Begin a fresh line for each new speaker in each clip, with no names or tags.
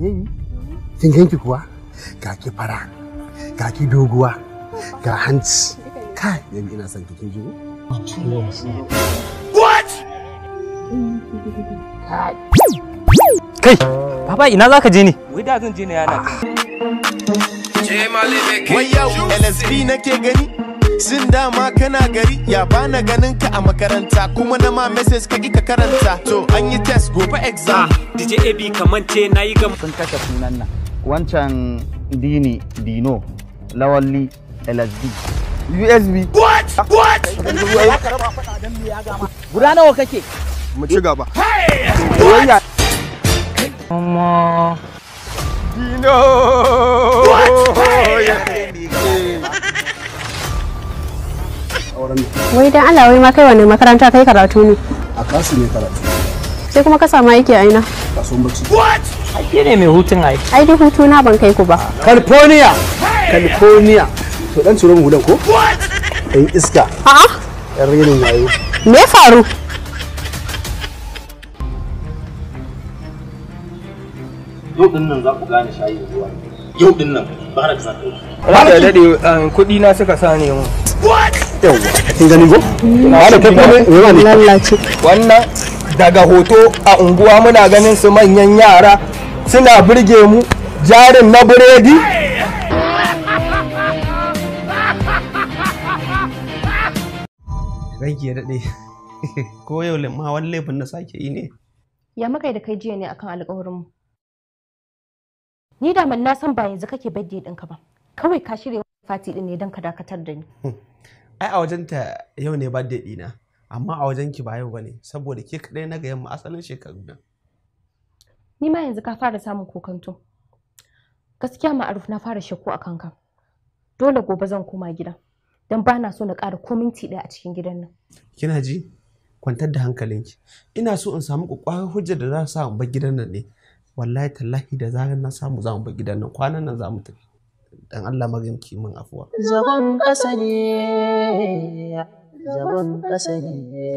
Kin ganki kuwa? Ga ki fara, ga ki doguwa, ga hanci. Kai, yanzu ina son ki kin
Kai, baba ina zaka je ne?
Wai da zan je ne yana. ke. Wai yau LSB nake gani. sun dama kana gari ya bana ganin ka a makaranta kuma na ma message ka ka karanta to an yi test gobe exam. DJ AB kamance na yi gam. Sun kashe sunan nan. Wancan Dini Dino Lawalli LSD USB. What? What? Guda wa kake? Mu ci gaba. Hey! Dino! What? Hey!
wai dan Allah wai ma kai wani makaranta kai karatu ne
a kasu ne karatu
sai kuma ka samu aiki a ina
kasuwan bacci what ai ne mai hutun ai
ai dai hutu na ban kai ku ba
california california to dan ciro mu hulan ko dan iska a yan rinin wayo me faru yau din nan za ku gane shayi zuwa yau din nan ba na kasa kai
ba da dade um,
kuɗi na suka ne mu what wannan daga hoto a unguwa muna ganin su manyan yara suna burge mu jarin na biredi ya daɗe ko yau laifin na sake yi ne
ya da kai jiya ne akan alƙawarin mu ni da na san ba yanzu kake birthday ɗinka ba kawai ka shirya fati ɗin ne don ka dakatar da ni
ai a wajenta yau ne ba na amma a wajen ki ba yau ba saboda ke kaɗai na ga yamma asalin shekaru na.
ni ma yanzu ka fara samun kokanto gaskiya ma'aruf na fara shakku a kanka dole gobe zan koma gida don ba na so na ƙara ko minti ɗaya a cikin gidan nan
kina ji kwantar da hankalinki ina so in samu kwakwar hujjar da za su samu bar gidan nan ne wallahi tallahi da zarar na samu za mu gidan nan kwanan nan za mu tafi dan Allah magamki min afuwa
zagon kasa ne zagon kasa ne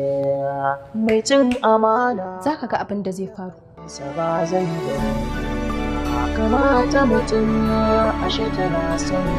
mai cin amana zaka ga abin da zai faru ba zan kamata mutum a shi tana